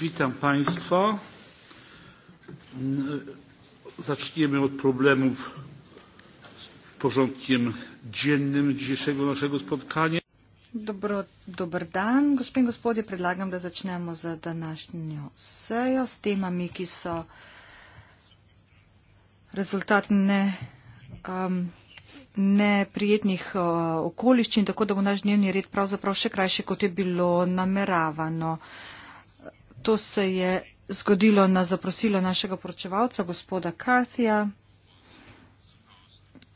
Witam Państwa. Zaczniemy od problemów z porządkiem dziennym dzisiejszego naszego spotkania. Dobro, dobr dan. Gospodin gospodje, predlagam, da začnemo za današnjo sejo s temami, ki so rezultatne um, neprijetnih uh, okoliščin, tako da bo naš dnevni red pravzaprav še krajši, kot je bilo nameravano. Uh, To se je zgodilo na zaprosilo našega poročevalca, gospoda Kathija,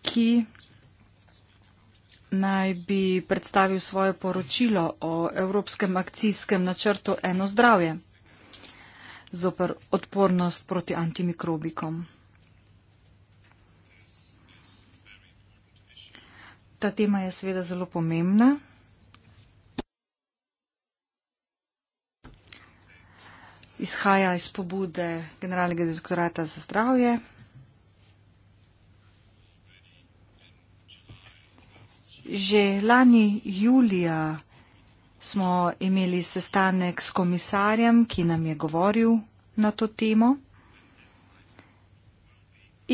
ki naj bi predstavil svoje poročilo o Evropskem akcijskem načrtu Eno zdravje zoper odpornost proti antimikrobikom. Ta tema je seveda zelo pomembna. izhaja iz pobude Generalnega direktorata za zdravje. Že lani julija smo imeli sestanek s komisarjem, ki nam je govoril na to temo.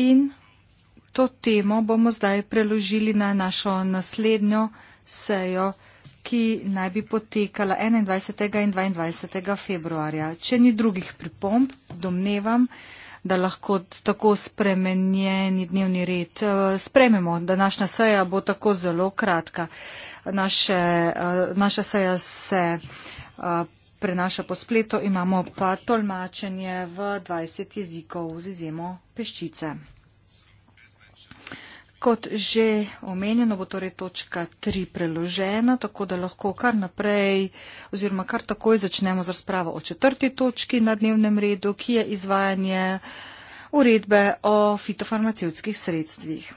In to temo bomo zdaj preložili na našo naslednjo sejo ki naj bi potekala 21. in 22. februarja. Če ni drugih pripomb, domnevam, da lahko tako spremenjeni dnevni red eh, sprememo, da naša seja bo tako zelo kratka. Naše, eh, naša seja se eh, prenaša po spletu, imamo pa tolmačenje v 20 jezikov z izjemo peščice. Kot že omenjeno, bo torej točka 3 preložena, tako da lahko kar naprej oziroma kar takoj začnemo z razpravo o četrti točki na dnevnem redu, ki je izvajanje uredbe o fitofarmacevskih sredstvih.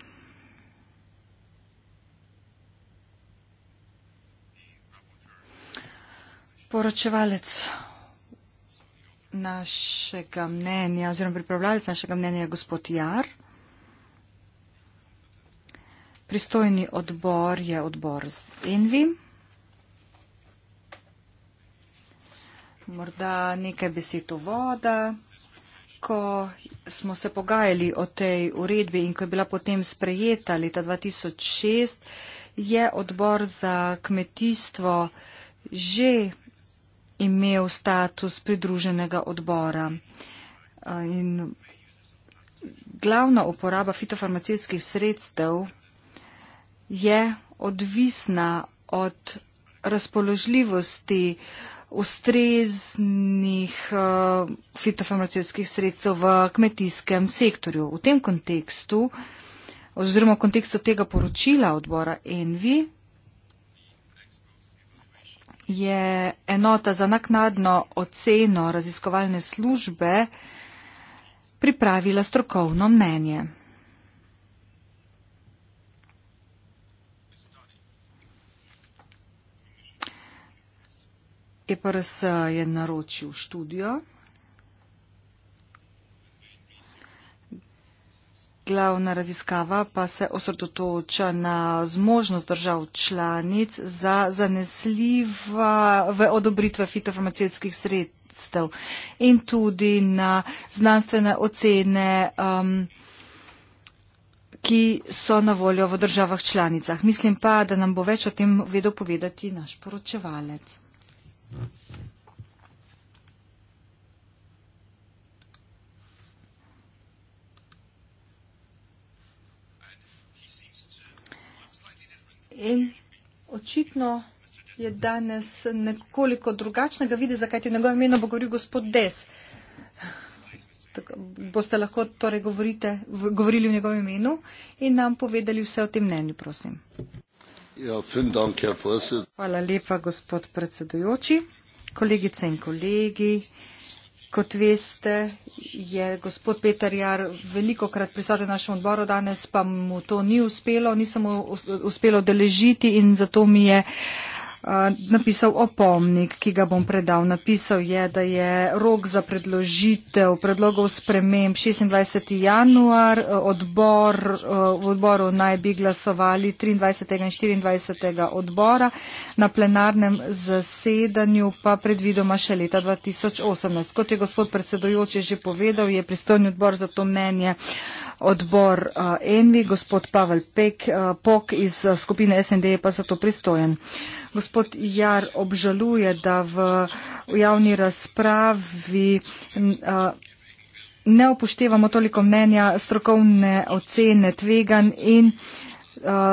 Poročevalec našega mnenja oziroma pripravljalec našega mnenja je gospod Jar. Pristojni odbor je odbor z Envi. Morda nekaj besed o voda. Ko smo se pogajali o tej uredbi in ko je bila potem sprejeta leta 2006, je odbor za kmetijstvo že imel status pridruženega odbora. In glavna uporaba fitofarmacijskih sredstev je odvisna od razpoložljivosti ustreznih uh, eh, fitofarmacijskih sredstev v kmetijskem sektorju. V tem kontekstu oziroma v kontekstu tega poročila odbora Envi je enota za naknadno oceno raziskovalne službe pripravila strokovno mnenje. EPRS je naročil študijo. Glavna raziskava pa se osredotoča na zmožnost držav članic za zanesljiva v odobritve fitofarmacijskih sredstev in tudi na znanstvene ocene, um, ki so na voljo v državah članicah. Mislim pa, da nam bo več o tem vedel povedati naš poročevalec. In očitno je danes nekoliko drugačnega videza, kajti v njegovem imenu bo govoril gospod Des. Tako, boste lahko torej govorite, govorili v njegovem imenu in nam povedali vse o tem mnenju, prosim. Ja, Hvala lepa, gospod predsedujoči. Kolegice in kolegi, kot veste, je gospod Peter Jar veliko krat prisoten našem odboru, danes pa mu to ni uspelo, nisem mu uspelo deležiti in zato mi je uh, Eh, napisal opomnik, ki ga bom predal. Napisal je, da je rok za predložitev predlogov sprememb 26. januar, odbor, eh, v odboru naj bi glasovali 23. in 24. odbora, na plenarnem zasedanju pa predvidoma še leta 2018. Kot je gospod predsedojoči že povedal, je pristojni odbor za to mnenje odbor eh, Envi, gospod Pavel Pek, Pok iz skupine SND je pa za to pristojen gospod Jar obžaluje, da v, v javni razpravi ne upoštevamo toliko mnenja strokovne ocene tvegan in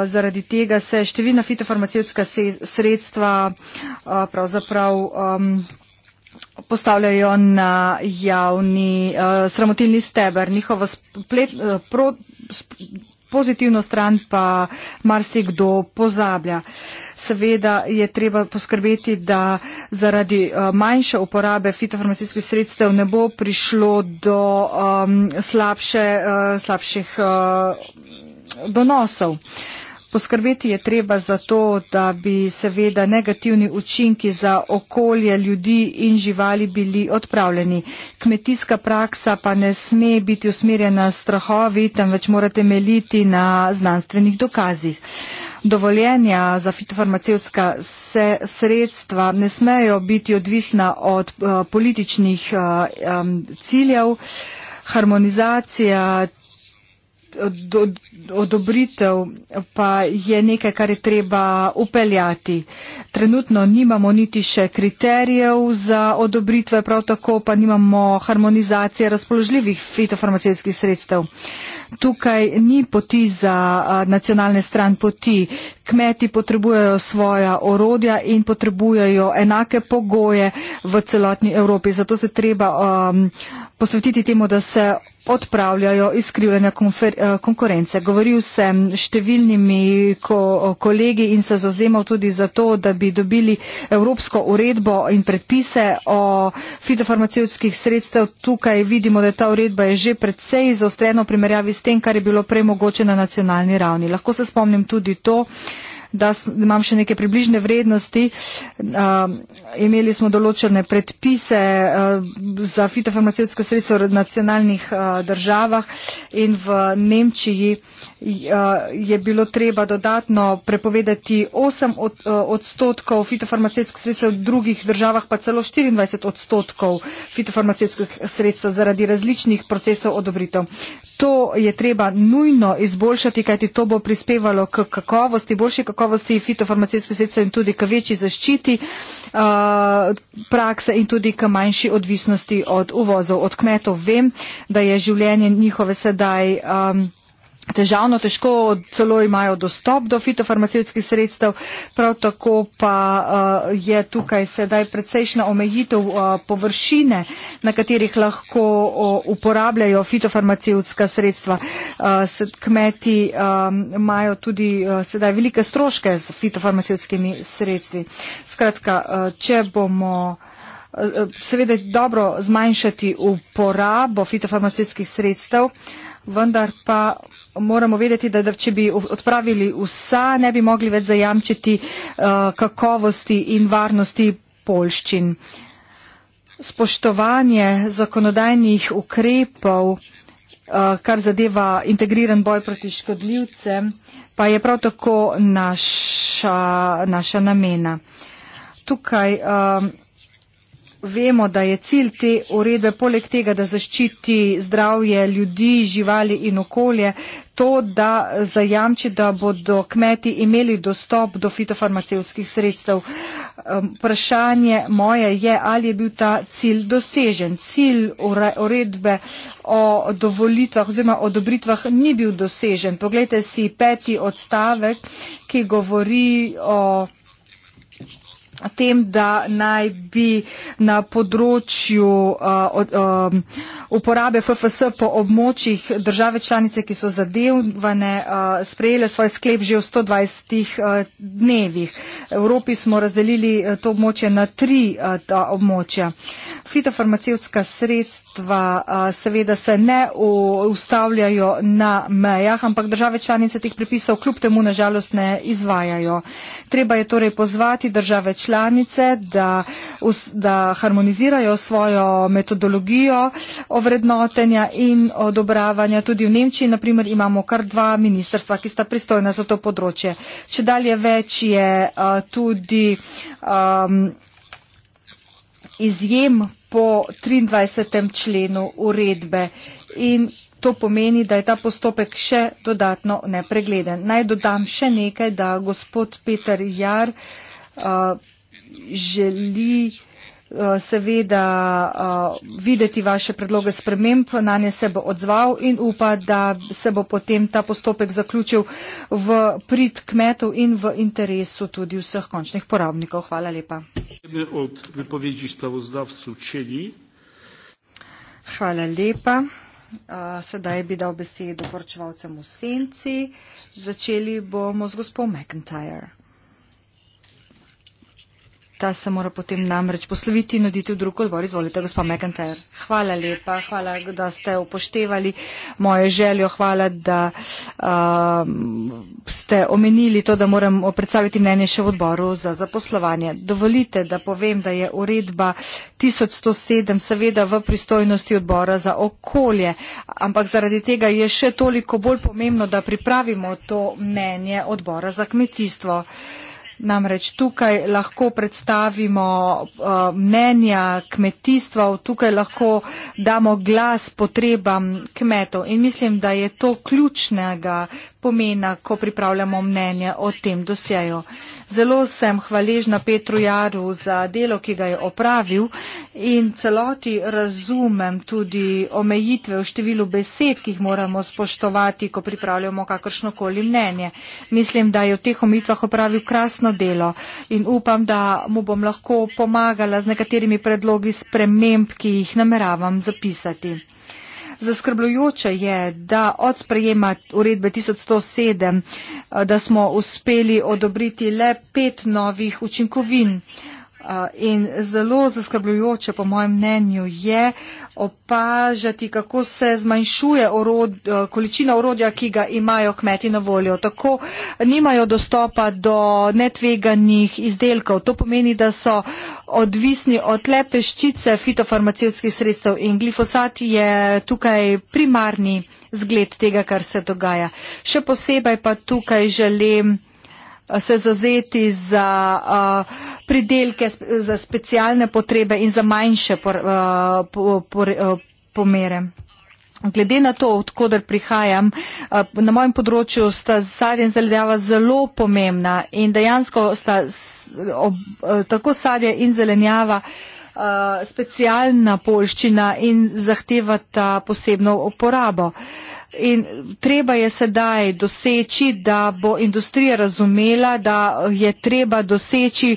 zaradi tega se številna fitofarmacijska sredstva pravzaprav um, postavljajo na javni sramotilni steber. Njihovo splet, pro, pozitivno stran pa marsikdo pozablja. Seveda je treba poskrbeti, da zaradi eh, manjše uporabe fitofarmacijskih sredstev ne bo prišlo do um, slabše, uh, slabših uh, donosov. Uh, Poskrbeti je treba za to, da bi seveda negativni učinki za okolje ljudi in živali bili odpravljeni. Kmetijska praksa pa ne sme biti usmerjena strahovi, temveč mora temeljiti na znanstvenih dokazih. Dovoljenja za fitofarmacevska sredstva ne smejo biti odvisna od uh, političnih uh, um, ciljev, harmonizacija. Do, odobritev pa je nekaj, kar je treba upeljati. Trenutno nimamo niti še kriterijev za odobritve, prav tako pa nimamo harmonizacije razpoložljivih fitofarmacijskih sredstev tukaj ni poti za nacionalne stran poti. Kmeti potrebujejo svoja orodja in potrebujejo enake pogoje v celotni Evropi. Zato se treba um, posvetiti temu, da se odpravljajo izkrivljanja konkurence. Govoril sem številnimi ko kolegi in se zauzemal tudi za to, da bi dobili evropsko uredbo in predpise o fitofarmacijskih sredstev. Tukaj vidimo, da ta uredba je že predvsej zaostrena v primerjavi s tem, kar je bilo prej mogoče na nacionalni ravni. Lahko se spomnim tudi to, da imam še neke približne vrednosti. Um, imeli smo določene predpise uh, za fitofarmacijske sredstva v nacionalnih uh, državah in v Nemčiji uh, je bilo treba dodatno prepovedati 8 odstotkov fitofarmacijskih sredstev, v drugih državah pa celo 24 odstotkov fitofarmacijskih sredstev zaradi različnih procesov odobritev. To je treba nujno izboljšati, kajti to bo prispevalo k kakovosti, boljši kakovosti kakovosti fitofarmacijske sredstva in tudi k večji zaščiti uh, prakse in tudi k manjši odvisnosti od uvozov. Od kmetov vem, da je življenje njihove sedaj. Um, težavno, težko celo imajo dostop do fitofarmacevskih sredstev, prav tako pa uh, je tukaj sedaj precejšna omejitev uh, površine, na katerih lahko uh, uporabljajo fitofarmacevska sredstva. Uh, eh, sed, kmeti imajo uh, tudi uh, sedaj velike stroške z fitofarmacevskimi sredstvi. Skratka, uh, če bomo uh, seveda dobro zmanjšati uporabo fitofarmacevskih sredstev, uh, vendar pa moramo vedeti, da, da če bi odpravili vsa, ne bi mogli več zajamčiti uh, kakovosti in varnosti polščin. Spoštovanje zakonodajnih ukrepov, uh, kar zadeva integriran boj proti škodljivce, pa je prav tako naša, naša namena. Tukaj uh, vemo, da je cilj te uredbe, poleg tega, da zaščiti zdravje ljudi, živali in okolje, to, da zajamči, da bodo kmeti imeli dostop do fitofarmacevskih sredstev. Um, vprašanje moje je, ali je bil ta cilj dosežen. Cilj uredbe o dovolitvah oziroma odobritvah ni bil dosežen. Poglejte si peti odstavek, ki govori o tem, da naj bi na področju uh, od, um, uporabe FFS po območjih države članice, ki so zadevane, uh, sprejele svoj sklep že v 120 uh, dnevih. V Evropi smo razdelili uh, to območje na tri uh, območja. Fitofarmacevtska sredstva uh, seveda se ne u, ustavljajo na mejah, ampak države članice teh pripisov kljub temu nažalost ne izvajajo. Treba je torej pozvati države članice, članice, da, us, da harmonizirajo svojo metodologijo ovrednotenja in odobravanja. Tudi v Nemčiji, naprimer, imamo kar dva ministrstva, ki sta pristojna za to področje. Če dalje več je uh, tudi um, izjem po 23. členu uredbe. In To pomeni, da je ta postopek še dodatno nepregleden. Naj dodam še nekaj, da gospod Peter Jar uh, želi eh, seveda uh, videti vaše predloge sprememb, na nje se bo odzval in upa, da se bo potem ta postopek zaključil v prid kmetov in v interesu tudi vseh končnih porabnikov. Hvala lepa. Hvala lepa. Uh, sedaj bi dal besedo poročevalcem v senci. Začeli bomo z gospod McIntyre. Ta se mora potem namreč posloviti in oditi v drug odbor. Izvolite, gospod Mekanter. Hvala lepa, hvala, da ste upoštevali moje željo, hvala, da uh, ste omenili to, da moram predstaviti mnenje še v odboru za zaposlovanje. Dovolite, da povem, da je uredba 1107 seveda v pristojnosti odbora za okolje, ampak zaradi tega je še toliko bolj pomembno, da pripravimo to mnenje odbora za kmetijstvo. Uh, Namreč tukaj lahko predstavimo uh, mnenja kmetijstva, tukaj lahko damo glas potrebam kmetov in mislim, da je to ključnega pomena, ko pripravljamo mnenje o tem dosjeju. Zelo sem hvaležna Petru Jaru za delo, ki ga je opravil in celoti razumem tudi omejitve v številu besed, ki jih moramo spoštovati, ko pripravljamo kakršnokoli mnenje. Mislim, da je v teh omejitvah opravil krasno delo in upam, da mu bom lahko pomagala z nekaterimi predlogi sprememb, ki jih nameravam zapisati. Zaskrbljujoče je, da od sprejema uredbe 1107, eh, da smo uspeli odobriti le pet novih učinkovin. Eh, in zelo zaskrbljujoče, po mojem mnenju, je opažati, kako se zmanjšuje orod, eh, količina orodja, ki ga imajo kmeti na voljo. Tako nimajo dostopa do netveganih izdelkov. To pomeni, da so odvisni od lepeščice fitofarmacevskih sredstev in glifosat je tukaj primarni zgled tega, kar se dogaja. Še posebej pa tukaj želim se zazeti za uh, pridelke, za specialne potrebe in za manjše por, uh, por, uh, pomere. Glede na to, odkudar prihajam, na mojem področju sta sad in zelenjava zelo pomembna in dejansko sta tako sadje in zelenjava specialna polščina in zahtevata posebno uporabo. In treba je sedaj doseči, da bo industrija razumela, da je treba doseči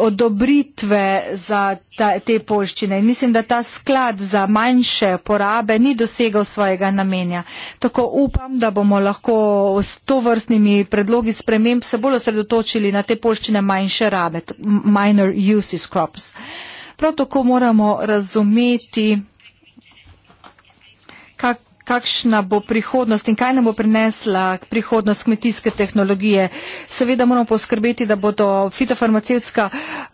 odobritve za ta, te polščine. In mislim, da ta sklad za manjše porabe ni dosegal svojega namenja. Tako upam, da bomo lahko s to vrstnimi predlogi sprememb se bolj osredotočili na te polščine manjše rabe, minor uses crops. Prav tako moramo razumeti, kak, kakšna bo prihodnost in kaj nam bo prinesla prihodnost kmetijske tehnologije. Seveda moramo poskrbeti, da bodo fitofarmacevska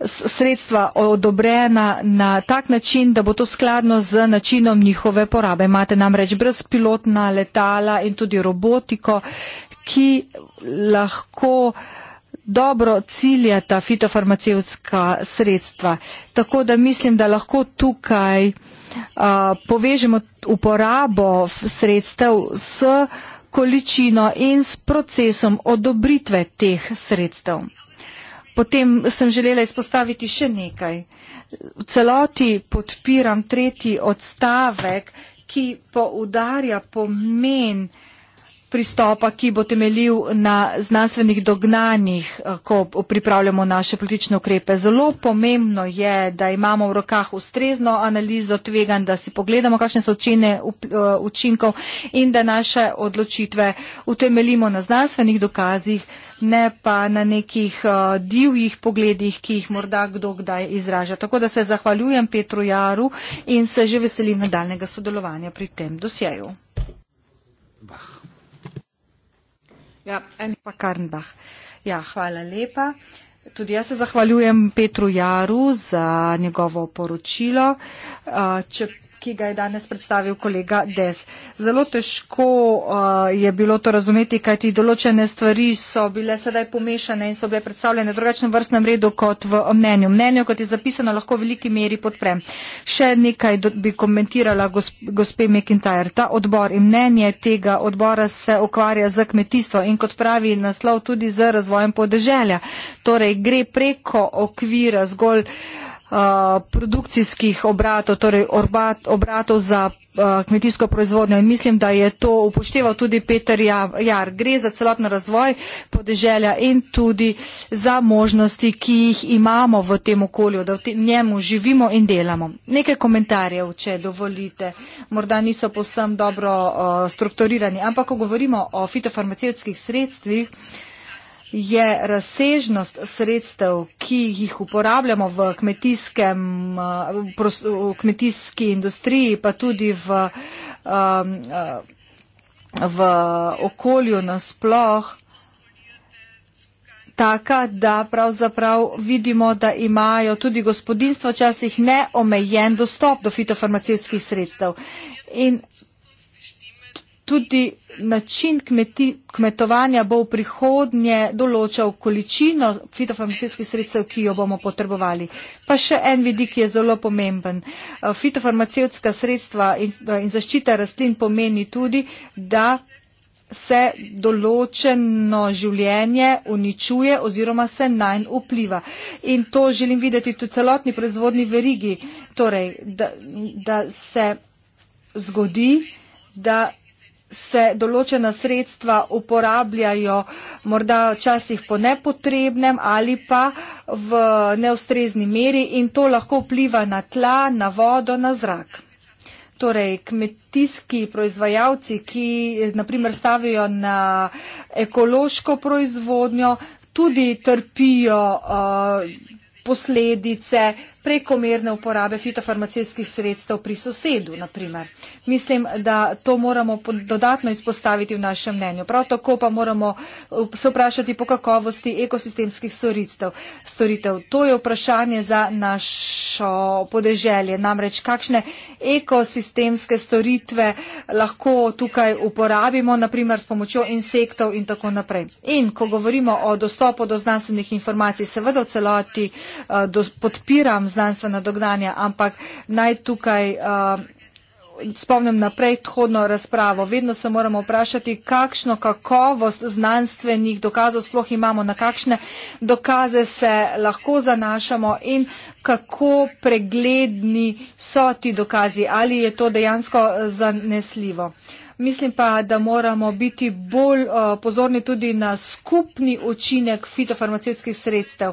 sredstva odobrena na tak način, da bo to skladno z načinom njihove porabe. Imate namreč brezpilotna letala in tudi robotiko, ki lahko dobro ciljata fitofarmacevska sredstva. Tako da mislim, da lahko tukaj a, povežemo uporabo sredstev s količino in s procesom odobritve teh sredstev. Potem sem želela izpostaviti še nekaj. V celoti podpiram tretji odstavek, ki poudarja pomen uh, pristopa, ki bo temeljil na znanstvenih dognanjih, eh, ko pripravljamo naše politične ukrepe. Zelo pomembno je, da imamo v rokah ustrezno analizo tvegan, da si pogledamo, kakšne so učine eh, učinkov in da naše odločitve utemeljimo na znanstvenih dokazih, ne pa na nekih eh, divjih pogledih, ki jih morda kdo kdaj izraža. Tako da se zahvaljujem Petru Jaru in se že veselim nadaljnega sodelovanja pri tem dosjeju. Ja, en pa Karnbah. Ja, hvala lepa. Tudi jaz se zahvaljujem Petru Jaru za njegovo poročilo. Eh, če ki ga je danes predstavil kolega Des. Zelo težko uh, je bilo to razumeti, kajti določene stvari so bile sedaj pomešane in so bile predstavljene v drugačnem vrstnem redu kot v mnenju. Mnenje, kot je zapisano, lahko v veliki meri podprem. Še nekaj bi komentirala gosp gospe McIntyre. Ta odbor in mnenje tega odbora se ukvarja z kmetijstvo in kot pravi naslov tudi z razvojem podeželja. Torej, gre preko okvira zgolj. Uh, Eh, produkcijskih obratov, torej obrat, obratov za eh, kmetijsko proizvodnjo in mislim, da je to upošteval tudi Peter ja-, Jar. Gre za celotno razvoj podeželja in tudi za možnosti, ki jih imamo v tem okolju, da v njemu živimo in delamo. Nekaj komentarjev, če dovolite, morda niso posem dobro eh, strukturirani, ampak ko govorimo o fitofarmacijskih sredstvih, je razsežnost sredstev, ki jih uporabljamo v eh, kmetijski industriji, pa tudi v, um, eh, v okolju nasploh, taka, da pravzaprav vidimo, da imajo tudi gospodinstvo včasih neomejen dostop do fitofarmacijskih sredstev. In tudi način kmeti, kmetovanja bo v prihodnje določal količino fitofarmacijskih sredstev, ki jo bomo potrebovali. Pa še en vidik je zelo pomemben. Eh, Fitofarmacijska sredstva in, eh, in zaščita rastlin pomeni tudi, da se določeno življenje uničuje oziroma se najn vpliva. In to želim videti tudi celotni proizvodni verigi, torej, da, da se zgodi, da se določena sredstva uporabljajo morda včasih po nepotrebnem ali pa v neustrezni meri in to lahko vpliva na tla, na vodo, na zrak. Torej, kmetijski proizvajalci, ki naprimer stavijo na ekološko proizvodnjo, tudi trpijo. Uh, posledice prekomerne uporabe fitofarmacijskih sredstev pri sosedu, naprimer. Mislim, da to moramo dodatno izpostaviti v našem mnenju. Prav tako pa moramo uh, se vprašati po kakovosti ekosistemskih storitev. To je vprašanje za našo podeželje. Namreč, kakšne ekosistemske storitve lahko tukaj uporabimo, naprimer s pomočjo insektov in tako naprej. In ko govorimo o dostopu do znanstvenih informacij, seveda v celoti, Eh, do, podpiram znanstvena dognanja, ampak naj tukaj uh, spomnim na predhodno razpravo. Vedno se moramo vprašati, kakšno kakovost znanstvenih dokazov sploh imamo, na kakšne dokaze se lahko zanašamo in kako pregledni so ti dokazi, ali je to dejansko zanesljivo. Uh, Mislim pa, da moramo biti bolj uh, pozorni tudi na skupni učinek fitofarmacijskih sredstev.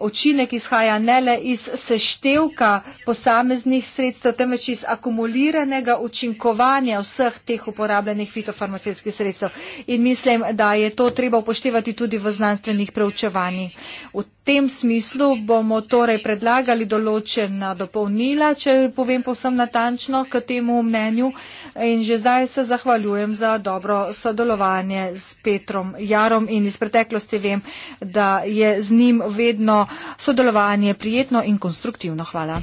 Učinek izhaja ne le iz seštevka posameznih sredstev, temveč iz akumuliranega učinkovanja vseh teh uporabljenih fitofarmacijskih sredstev. In mislim, da je to treba upoštevati tudi v znanstvenih preučevanjih tem smislu bomo torej predlagali določena dopolnila, če povem posem natančno k temu mnenju. In že zdaj se zahvaljujem za dobro sodelovanje s Petrom Jarom in iz preteklosti vem, da je z njim vedno sodelovanje prijetno in konstruktivno. Hvala.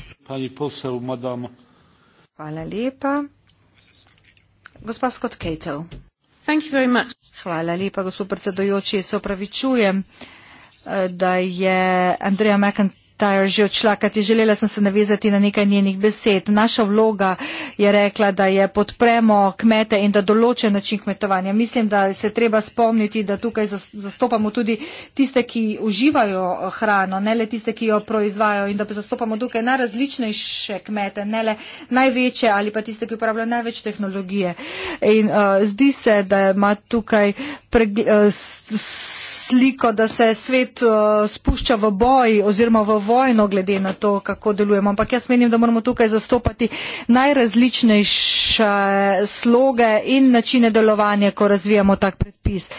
Posel, Hvala lepa. Gospa Scott Cato. Hvala lepa, gospod predsedojoči, se opravičujem da je Andreja McIntyre že odšla, kajti želela sem se navezati na nekaj njenih besed. Naša vloga je rekla, da je podpremo kmete in da določen način kmetovanja. Mislim, da se treba spomniti, da tukaj zastopamo tudi tiste, ki uživajo eh, hrano, ne le tiste, ki jo proizvajajo in da zastopamo tukaj najrazličnejše kmete, ne le največje ali pa tiste, ki uporabljajo največ tehnologije. In uh, zdi se, da ima tukaj pregled. Uh, sliko, da se svet uh, spušča v boj oziroma v vojno, glede na to, kako delujemo. Ampak jaz menim, da moramo tukaj zastopati najrazličnejše sloge in načine delovanja, ko razvijamo tak predpis.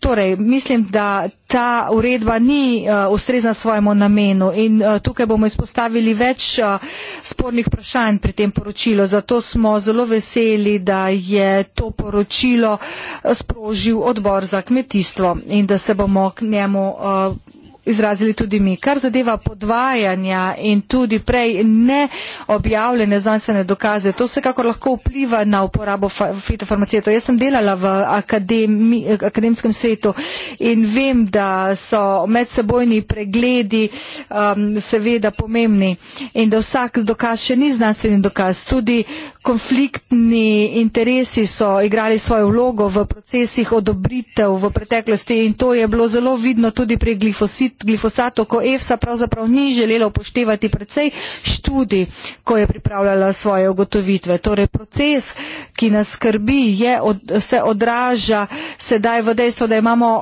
Torej, mislim, da ta uredba ni uh, ustrezna svojemu namenu in uh, tukaj bomo izpostavili več uh, spornih vprašanj pri tem poročilu. Zato smo zelo veseli, da je to poročilo uh, sprožil odbor za kmetijstvo in da se bomo pomognemo uh, eh, izrazili tudi mi. Kar zadeva podvajanja in tudi prej neobjavljene znanstvene dokaze, to vsekakor lahko vpliva na uporabo fitofarmacijeta. Jaz sem delala v akademi, akademskem svetu in vem, da so medsebojni pregledi um, seveda pomembni in da vsak dokaz še ni znanstveni dokaz. Tudi konfliktni interesi so igrali svojo vlogo v procesih odobritev v preteklosti in to je bilo zelo vidno tudi pri glifositu glifosato, ko EFSA pravzaprav ni želela upoštevati predvsej študij, ko je pripravljala svoje ugotovitve. Torej proces, ki nas skrbi, je, od, se odraža sedaj v dejstvo, da imamo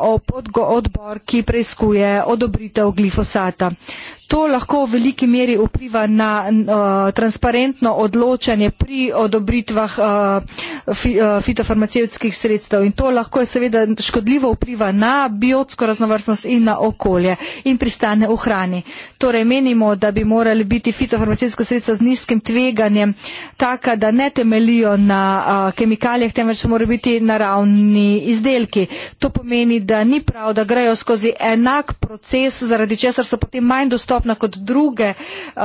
odbor, ki preizkuje odobritev glifosata to lahko v veliki meri vpliva na uh, transparentno odločanje pri odobritvah uh, fi, uh, fitofarmacevskih sredstev in to lahko seveda škodljivo vpliva na biotsko raznovrstnost in na okolje in pristane v hrani. Torej menimo, da bi morali biti fitofarmacevska sredstva z nizkim tveganjem taka, da ne temelijo na uh, kemikalijah, temveč mora biti naravni izdelki. To pomeni, da ni prav, da grejo skozi enak proces, zaradi česar so potem manj dostopni dostopna kot druge uh,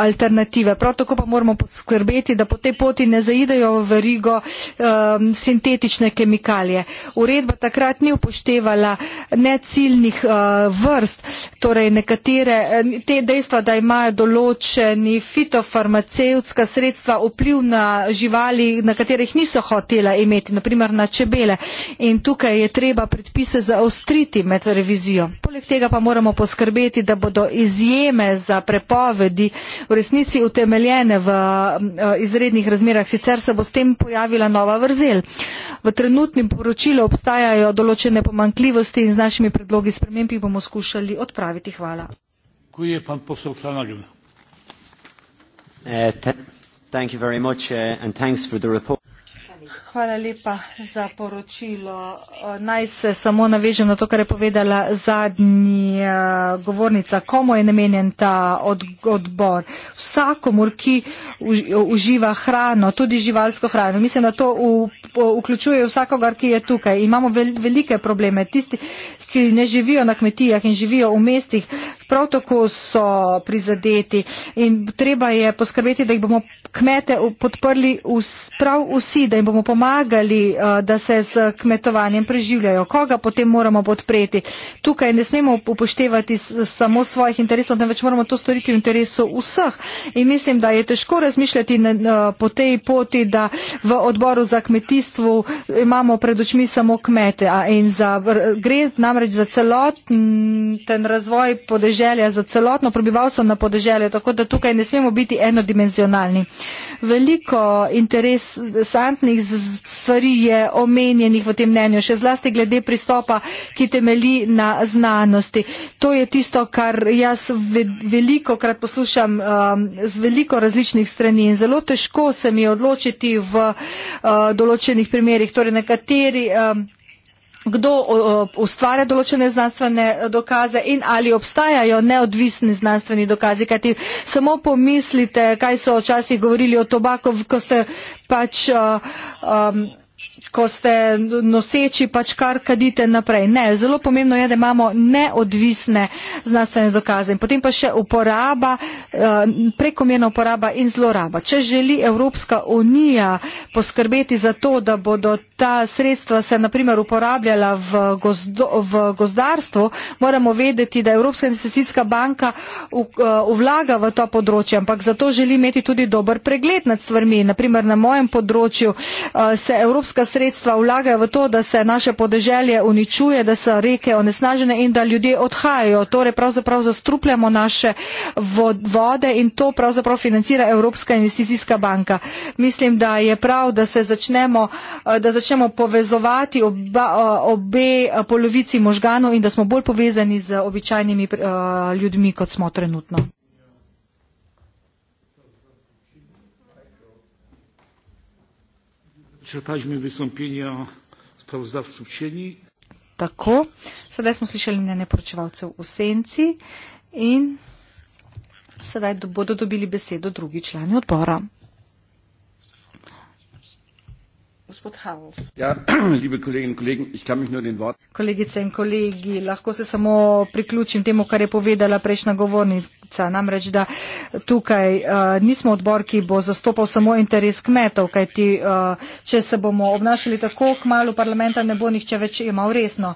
alternative. Prav tako pa moramo poskrbeti, da po tej poti ne zaidejo v verigo um, sintetične kemikalije. Uredba takrat ni upoštevala neciljnih uh, vrst, torej nekatere te dejstva, da imajo določeni fitofarmacevtska sredstva vpliv na živali, na katerih niso hotela imeti, naprimer na čebele. In tukaj je treba predpise zaostriti med revizijo. Poleg tega pa moramo poskrbeti, da bodo iz izjeme za prepovedi v resnici utemeljene v eh, izrednih razmerah, sicer se bo s tem pojavila nova vrzel. V trenutnem poročilu obstajajo določene pomankljivosti in z našimi predlogi sprememb jih bomo skušali odpraviti. Hvala. Eh, thank you very much uh, and thanks for the report. Hvala lepa za poročilo. Eh, naj se samo navežem na to, kar je povedala zadnji eh, govornica. Komu je namenjen ta odbor? Vsakomur, ki uživa hrano, tudi živalsko hrano. Mislim, da to vključuje vsakogar, ki je tukaj. Imamo velike probleme. Tisti, ki ne živijo na kmetijah in živijo v mestih, prav tako so prizadeti in treba je poskrbeti, da jih bomo kmete podprli prav vsi, da jim bomo pomagali, uh, da se z kmetovanjem preživljajo. Koga potem moramo podpreti? Tukaj ne smemo upoštevati samo svojih interesov, temveč moramo to storiti v interesu vseh. In mislim, da je težko razmišljati po tej poti, da v odboru za kmetijstvo imamo pred očmi samo kmete. In za, gre namreč za celoten razvoj podeželja podeželja, za celotno prebivalstvo na podeželju, tako da tukaj ne smemo biti enodimenzionalni. Veliko interesantnih stvari je omenjenih v tem mnenju, še zlasti glede pristopa, ki temeli na znanosti. To je tisto, kar jaz ve veliko krat poslušam um, z veliko različnih strani in zelo težko se mi odločiti v uh, določenih primerjih. Torej, nekateri um, kdo ustvarja določene znanstvene eh, dokaze in ali obstajajo neodvisni znanstveni dokazi. Kajti samo pomislite, kaj so včasih govorili o tobaku, ko ste pač. Um, ko ste noseči, pač kar kadite naprej. Ne, zelo pomembno je, da imamo neodvisne znanstvene dokaze. In potem pa še uporaba, eh, prekomerna uporaba in zloraba. Če želi Evropska unija poskrbeti za to, da bodo ta sredstva se naprimer uporabljala v, gozdo, v gozdarstvu, moramo vedeti, da Evropska investicijska banka u, u, eh, vlaga v to področje, ampak zato želi imeti tudi dober pregled nad stvarmi. Naprimer, na mojem področju eh, se Evropska sredstva vlagajo v to, da se naše podeželje uničuje, da so reke onesnažene in da ljudje odhajajo. Torej pravzaprav zastrupljamo naše vode in to pravzaprav financira Evropska investicijska banka. Mislim, da je prav, da se začnemo, eh, da začnemo povezovati oba, eh, obe eh, polovici možganov in da smo bolj povezani z običajnimi ljudmi, kot smo trenutno. Črpažme vysompenja spravzdavcu v Čeni. Tako, sedaj smo slišali mnenje poročevalcev v Senci in sedaj bodo dobili besedo drugi člani odbora. gospod Haus. Ja, liebe Kolleginnen und Kollegen, ich kann mich nur den Worten. Kolegice in kolegi, lahko se samo priključim temu, kar je povedala prejšnja govornica. Namreč, da tukaj uh, nismo odbor, ki bo zastopal samo interes kmetov, kajti uh, če se bomo obnašali tako, kmalo parlamenta ne bo nihče več imel resno.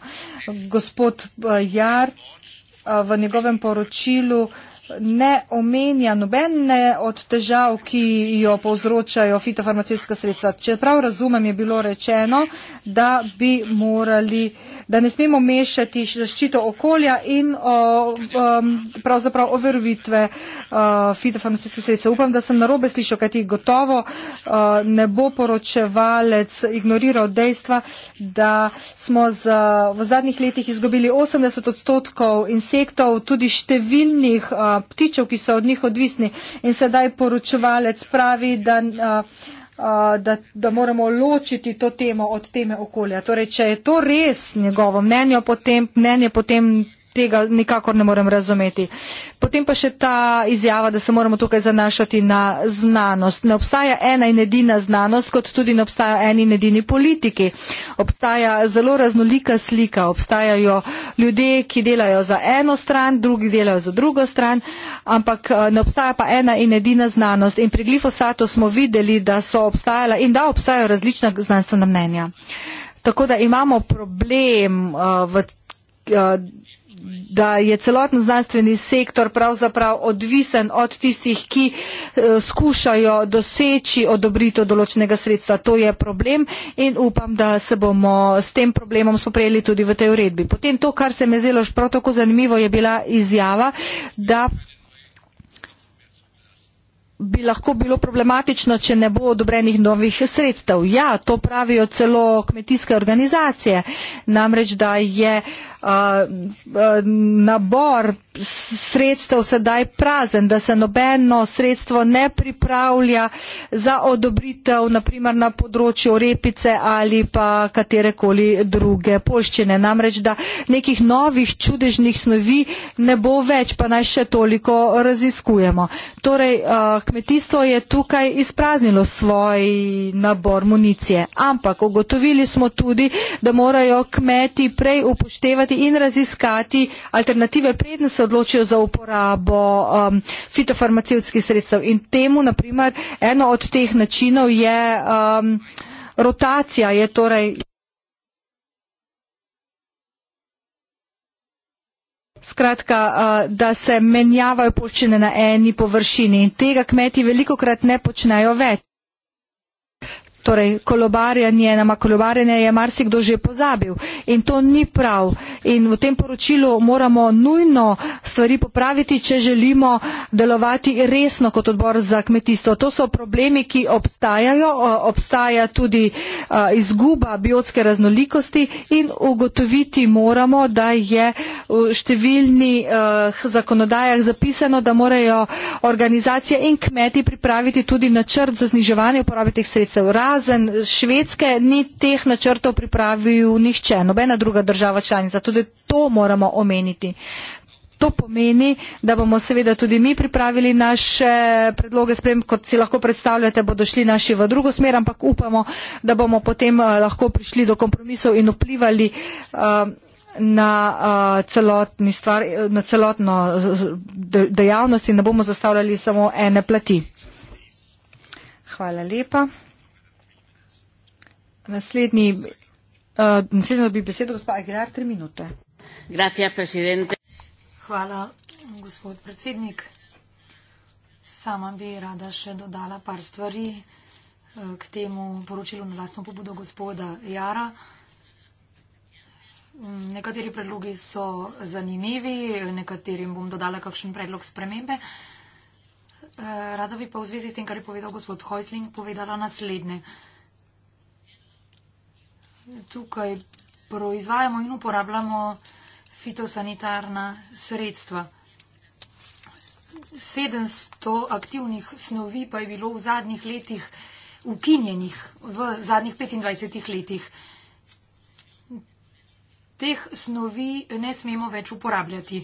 Gospod uh, Jar uh, v njegovem poročilu. Uh, ne omenja nobene od težav, ki jo povzročajo fitofarmacijska sredstva. Če prav razumem, je bilo rečeno, da bi morali uh, da ne smemo mešati zaščito okolja in o, um, pravzaprav overvitve uh, fitofarmacijskih sredstev. Upam, da sem narobe slišal, kajti gotovo uh, ne bo poročevalec ignoriral dejstva, da smo z, v zadnjih letih izgubili 80 odstotkov insektov, tudi številnih uh, ptičev, ki so od njih odvisni. In sedaj poročevalec pravi, da. Uh, Uh, da, da moramo ločiti to temo od teme okolja. Torej, če je to res njegovo mnenje, potem mnenje potem tega nikakor ne morem razumeti. Potem pa še ta izjava, da se moramo tukaj zanašati na znanost. Ne obstaja ena in edina znanost, kot tudi ne obstaja eni in edini politiki. Obstaja zelo raznolika slika, obstajajo ljudje, ki delajo za eno stran, drugi delajo za drugo stran, ampak eh, ne obstaja pa ena in edina znanost. In pri glifosatu smo videli, da so obstajala in da obstajajo različna znanstvena mnenja. Tako da imamo problem uh, v. Uh, da je celoten znanstveni sektor pravzaprav odvisen od tistih, ki eh, skušajo doseči odobritev določenega sredstva. To je problem in upam, da se bomo s tem problemom spoprijeli tudi v tej uredbi. Potem to, kar se mi je zelo še prav tako zanimivo, je bila izjava, da bi lahko bilo problematično, če ne bo odobrenih novih sredstev. Ja, to pravijo celo kmetijske organizacije, namreč da je uh, nabor sredstev sedaj prazen, da se nobeno sredstvo ne pripravlja za odobritev, naprimer na področju repice ali pa katerekoli druge polščine. Namreč, da nekih novih čudežnih snovi ne bo več, pa naj še toliko raziskujemo. Torej, kmetijstvo je tukaj izpraznilo svoj nabor municije, ampak ugotovili smo tudi, da morajo kmeti prej upoštevati raziskovati in raziskati alternative, preden se odločijo za uporabo um, fitofarmacevskih sredstev. In temu, na primer, eno od teh načinov je um, rotacija. Je torej Skratka, uh, da se menjavajo počine na eni površini in tega kmeti veliko krat ne počnejo več torej kolobarjanje, nama kolobarjanje je marsikdo že pozabil in to ni prav. In v tem poročilu moramo nujno stvari popraviti, če želimo delovati resno kot odbor za kmetijstvo. To so problemi, ki obstajajo, obstaja tudi izguba biotske raznolikosti in ugotoviti moramo, da je v številnih zakonodajah zapisano, da morajo organizacije in kmeti pripraviti tudi načrt za zniževanje uporabitih sredstev razen Švedske ni teh načrtov pripravil nihče, nobena druga država članica, tudi to moramo omeniti. To pomeni, da bomo seveda tudi mi pripravili naše predloge sprem, kot si lahko predstavljate, bodo šli naši v drugo smer, ampak upamo, da bomo potem eh, lahko prišli do kompromisov in vplivali eh, na, eh, stvar, na celotno dejavnost in ne bomo zastavljali samo ene plati. Hvala lepa. Naslednji, uh, eh, naslednji dobi besedo gospa Agrar, tri minute. Gracias, Hvala, gospod predsednik. Sama bi rada še dodala par stvari eh, k temu poročilu na lastno pobudo gospoda Jara. Mm, nekateri predlogi so zanimivi, nekaterim bom dodala kakšen predlog spremembe. Eh, rada bi pa v zvezi s tem, kar je povedal gospod Hojsling, povedala naslednje tukaj proizvajamo in uporabljamo fitosanitarna sredstva. 700 aktivnih snovi pa je bilo v zadnjih letih ukinjenih, v zadnjih 25 letih. Teh snovi ne smemo več uporabljati.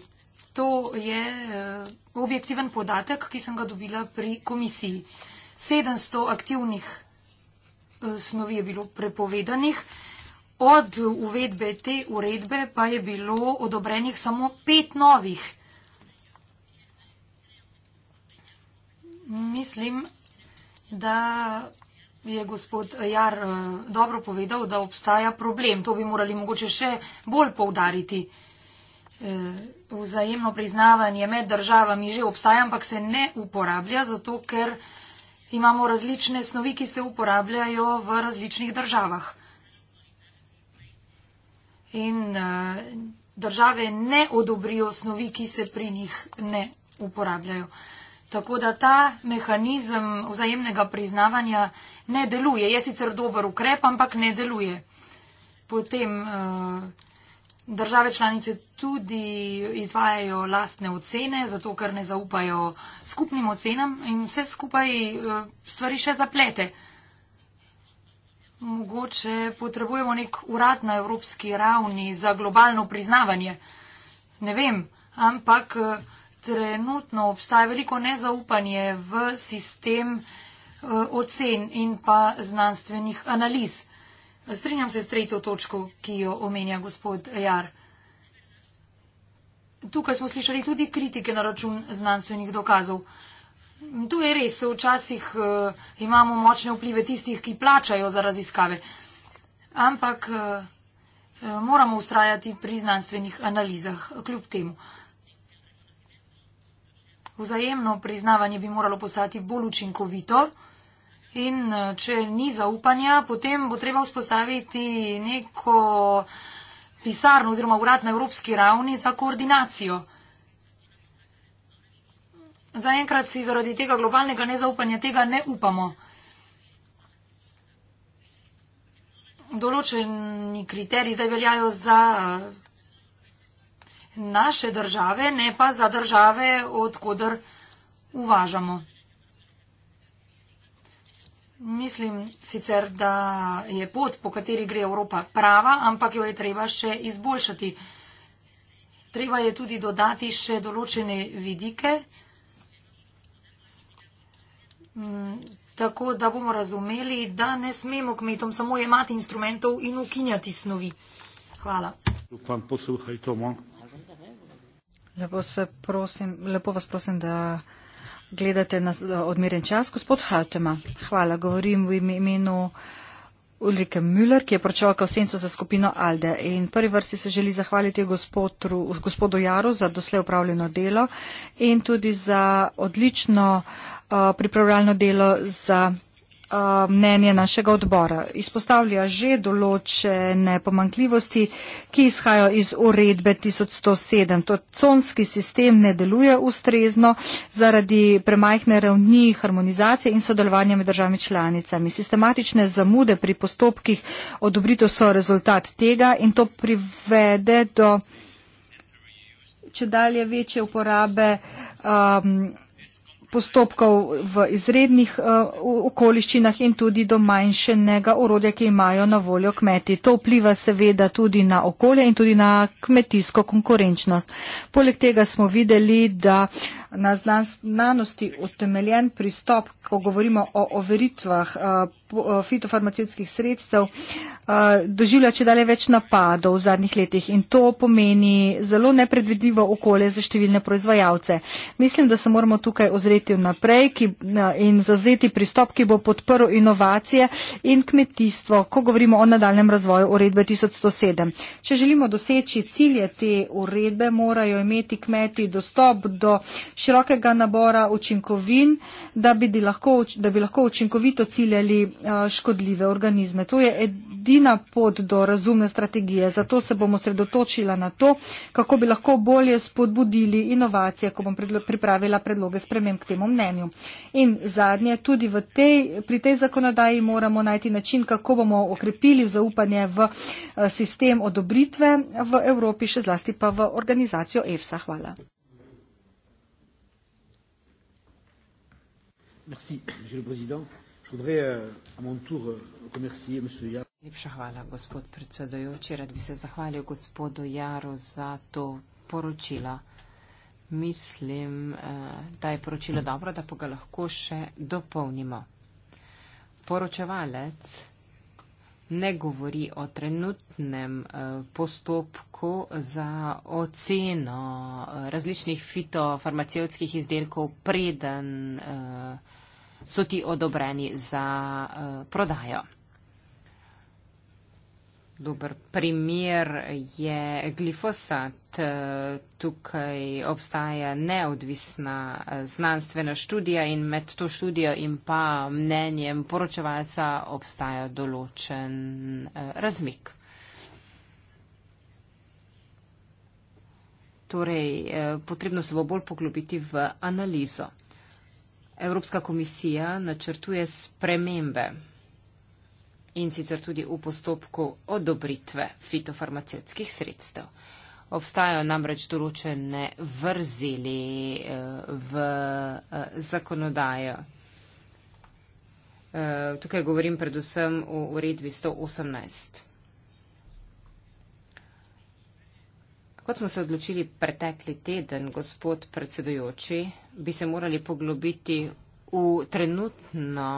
To je eh, objektiven podatek, ki sem ga dobila pri komisiji. 700 aktivnih eh, snovi je bilo prepovedanih. Od uvedbe te uredbe pa je bilo odobrenih samo pet novih. Mislim, da je gospod Jar eh, dobro povedal, da obstaja problem. To bi morali mogoče še bolj povdariti. Eh, vzajemno priznavanje med državami že obstaja, ampak se ne uporablja, zato ker imamo različne snovi, ki se uporabljajo v različnih državah in eh, države ne odobrijo snovi, ki se pri njih ne uporabljajo. Tako da ta mehanizem vzajemnega priznavanja ne deluje. Je sicer dober ukrep, ampak ne deluje. Potem eh, države članice tudi izvajajo lastne ocene, zato ker ne zaupajo skupnim ocenam in vse skupaj eh, stvari še zaplete. Mogoče potrebujemo nek urad na evropski ravni za globalno priznavanje. Ne vem, ampak eh, trenutno obstaja veliko nezaupanje v sistem eh, ocen in pa znanstvenih analiz. Strinjam se s tretjo točko, ki jo omenja gospod Jar. Tukaj smo slišali tudi kritike na račun znanstvenih dokazov. To je res. Včasih uh, imamo močne vplive tistih, ki plačajo za raziskave. Ampak uh, moramo ustrajati pri znanstvenih analizah, kljub temu. Vzajemno priznavanje bi moralo postati bolj učinkovito in uh, če ni zaupanja, potem bo treba vzpostaviti neko pisarno oziroma urad na evropski ravni za koordinacijo. Uh, Zaenkrat si zaradi tega globalnega nezaupanja tega ne upamo. Določeni kriteriji zdaj veljajo za eh, naše države, ne pa za države, odkudar uvažamo. Mislim sicer, da je pot, po kateri gre Evropa, prava, ampak jo je treba še izboljšati. Treba je tudi dodati še določene vidike, tako da bomo razumeli, da ne smemo kmetom samo jemati instrumentov in ukinjati snovi. Hvala. Lepo, prosim, lepo vas prosim, da gledate na odmeren čas. Gospod Haltema, hvala. Govorim v imenu Ulrike Müller, ki je pročevalka v senco za skupino Alde. In prvi vrsti se želi zahvaliti gospodru, gospodu Jaru za doslej upravljeno delo in tudi za odlično. Eh, pripravljalno delo za eh, mnenje našega odbora. Izpostavlja že določene pomankljivosti, ki izhajajo iz uredbe 1107. To conski sistem ne deluje ustrezno zaradi premajhne ravni harmonizacije in sodelovanja med državami članicami. Sistematične zamude pri postopkih odobritev so rezultat tega in to privede do če dalje večje uporabe um, postopkov v izrednih eh, okoliščinah in tudi do manjšenega orodja, ki imajo na voljo kmeti. To vpliva seveda tudi na okolje in tudi na kmetijsko konkurenčnost. Poleg tega smo videli, da na znanosti utemeljen pristop, ko govorimo o overitvah eh, eh, fitofarmacijskih sredstev, eh, doživlja če dalje več napadov v zadnjih letih in to pomeni zelo nepredvidljivo okolje za številne proizvajalce. Mislim, da se moramo tukaj ozreti naprej in zazreti pristop, ki bo podprl inovacije in kmetijstvo, ko govorimo o nadaljem razvoju uredbe 1107. Če želimo doseči cilje te uredbe, morajo imeti kmeti dostop do širokega nabora učinkovin, da bi, lahko, da bi lahko učinkovito ciljali eh, škodljive organizme. To je edina pot do razumne strategije. Zato se bomo sredotočila na to, kako bi lahko bolje spodbudili inovacije, ko bom pripravila predloge sprememb k temu mnenju. In zadnje, tudi tej, pri tej zakonodaji moramo najti način, kako bomo okrepili zaupanje v eh, sistem odobritve v Evropi, še zlasti pa v organizacijo EFSA. Hvala. Merci, Monsieur le Président. Je voudrais euh, à mon tour euh, remercier Monsieur Yar. Lepša hvala, gospod predsedojoči. Rad bi se zahvalil gospodu Jaru za to poročilo. Mislim, eh, da je poročilo dobro, da pa ga lahko še dopolnimo. Poročevalec ne govori o trenutnem eh, postopku za oceno eh, različnih fitofarmacijskih izdelkov preden. Uh, so ti odobreni za eh, prodajo. Dober primer je glifosat. Eh, tukaj obstaja neodvisna eh, znanstvena študija in med to študijo in pa mnenjem poročevalca obstaja določen razmik. Torej, potrebno se bo bolj poglobiti v analizo. Evropska komisija načrtuje spremembe in sicer tudi v postopku odobritve fitofarmacevtskih sredstev. Obstajajo namreč določene vrzeli eh, v eh, zakonodajo. Eh, tukaj govorim predvsem o uredbi 118. Kot smo se odločili pretekli teden, gospod predsedujoči, bi se morali poglobiti v trenutna,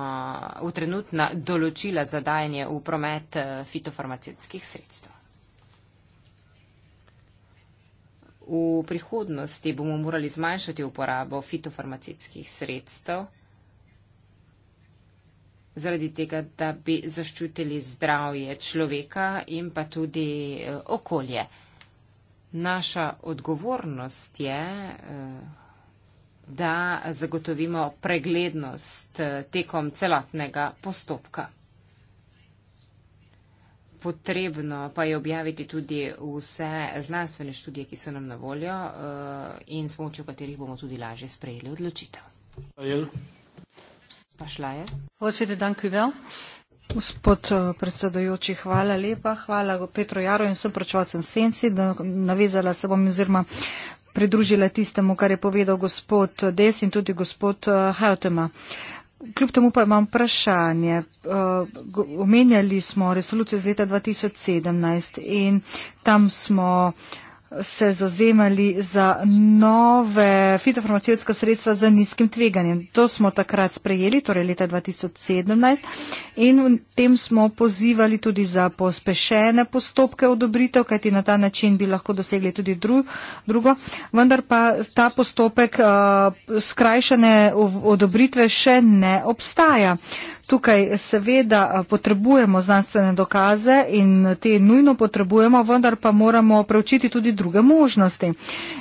v trenutna določila za dajanje v promet eh, fitofarmacijskih sredstev. V prihodnosti bomo morali zmanjšati uporabo fitofarmacijskih sredstev zaradi tega, da bi zaščitili zdravje človeka in pa tudi eh, okolje. Naša odgovornost je, eh, da zagotovimo preglednost eh, tekom celotnega postopka. Potrebno pa je objaviti tudi vse znanstvene študije, ki so nam na voljo eh, in s pomočjo katerih bomo tudi lažje sprejeli odločitev. Pa šla je. Gospod eh, predsedojoči, hvala lepa. Hvala Petro Jaro in vsem pročevalcem Senci, da navezala se bom oziroma pridružila tistemu, kar je povedal gospod Des in tudi gospod eh, Hautema. Kljub temu pa imam vprašanje. Eh, omenjali smo resolucijo iz leta 2017 in tam smo se zauzemali za nove fitofarmacijske sredstva za nizkim tveganjem. To smo takrat sprejeli, torej leta 2017, in v tem smo pozivali tudi za pospešene postopke odobritev, kajti na ta način bi lahko dosegli tudi dru drugo. Vendar pa ta postopek uh, skrajšane odobritve še ne obstaja. Uh, Tukaj seveda potrebujemo znanstvene dokaze in te nujno potrebujemo, vendar pa moramo preučiti tudi druge možnosti.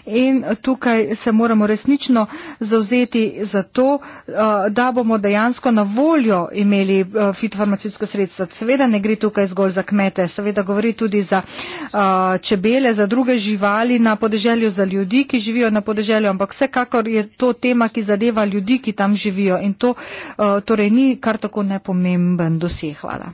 In tukaj se moramo resnično zauzeti za to, da bomo dejansko na voljo imeli fitofarmacijske sredstva. Seveda ne gre tukaj zgolj za kmete, seveda govori tudi za čebele, za druge živali na podeželju, za ljudi, ki živijo na podeželju, ampak vsekakor je to tema, ki zadeva ljudi, ki tam živijo. In to torej ni kar tako tako nepomemben doseg. Hvala.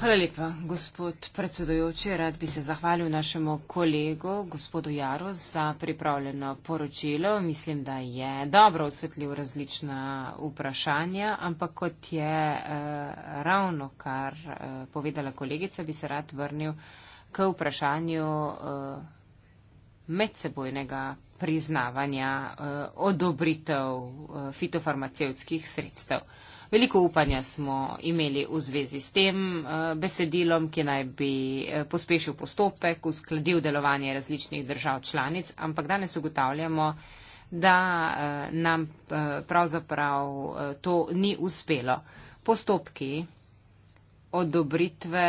Hvala lepa, gospod predsedojoči. Rad bi se zahvalil našemu kolegu, gospodu Jaro, za pripravljeno poročilo. Mislim, da je dobro osvetljiv različna vprašanja, ampak kot je eh, ravno kar eh, povedala kolegica, bi se rad vrnil k vprašanju. Eh, medsebojnega priznavanja uh, odobritev uh, eh, fitofarmacevskih sredstev. Veliko upanja smo imeli v zvezi s tem uh, besedilom, ki naj bi pospešil postopek, uskladil delovanje različnih držav članic, ampak danes ugotavljamo, da uh, nam uh, pravzaprav uh, to ni uspelo. Postopki odobritve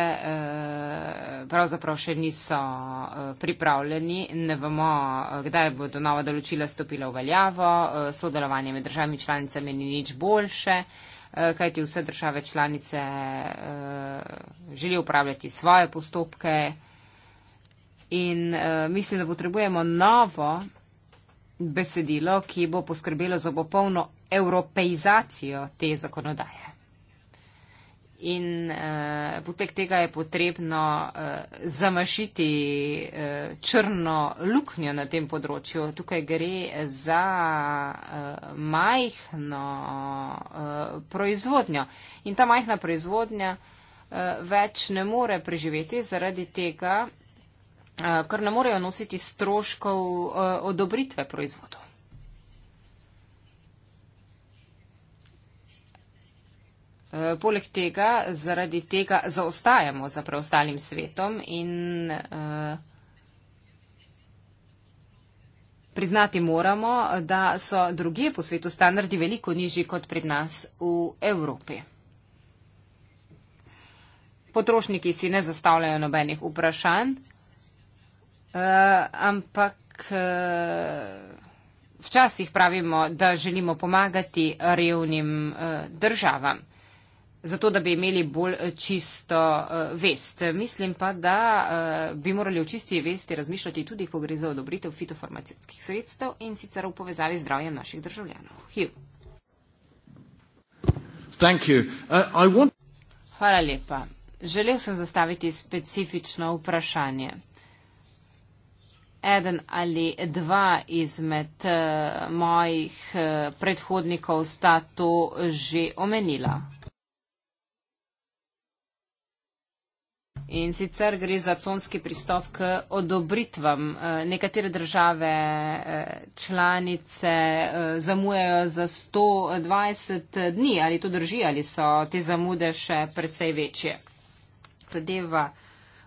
pravzaprav še niso eh, pripravljeni. Ne vemo, eh, kdaj bodo nova določila stopila v veljavo. Eh, sodelovanje med državami članicami ni nič boljše, kajti vse države članice želijo upravljati svoje postopke. In mislim, da potrebujemo novo besedilo, ki bo poskrbelo za popolno evropeizacijo te zakonodaje in uh, eh, potek tega je potrebno uh, zamašiti uh, črno luknjo na tem področju. Tukaj gre za uh, majhno uh, proizvodnjo in ta majhna proizvodnja uh, več ne more preživeti zaradi tega, uh, ker ne morejo nositi stroškov uh, odobritve proizvodov. Eh, poleg tega, zaradi tega zaostajamo za preostalim svetom in eh, priznati moramo, da so druge po svetu standardi veliko nižji kot pred nas v Evropi. Potrošniki si ne zastavljajo nobenih vprašanj, eh, ampak včasih pravimo, da želimo pomagati revnim državam zato, da bi imeli bolj eh, čisto eh, vest. Mislim pa, da eh, bi morali v čisti vesti razmišljati tudi, ko gre za odobritev fitofarmacijskih sredstev in sicer v povezavi z zdravjem naših državljanov. HIV. Uh, Hvala lepa. Želel sem zastaviti specifično vprašanje. Eden ali dva izmed mojih predhodnikov sta to že omenila. In sicer gre za conski pristop k odobritvam. Eh, nekatere države eh, članice eh, zamujajo za 120 dni, ali to drži, ali so te zamude še precej večje. Zadeva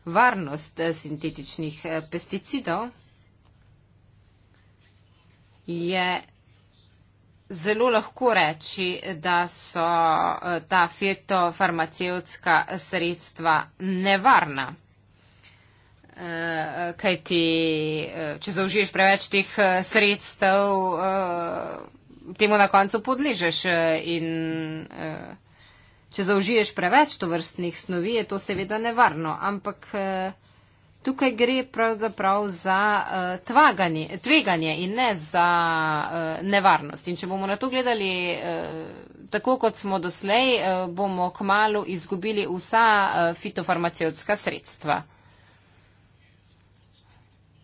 varnost sintetičnih pesticidov je zelo lahko reči, da so eh, ta fetofarmacevtska sredstva nevarna. Eh, Kaj ti, eh, če zaužiješ preveč teh sredstev, temu na koncu podležeš in če zaužiješ preveč tovrstnih snovi, je to seveda nevarno. Ampak Tukaj gre pravzaprav za uh, eh, tvaganje, tveganje in ne za uh, nevarnost. In če bomo na to gledali uh, tako, kot smo doslej, uh, bomo k malu izgubili vsa uh, fitofarmacevtska sredstva.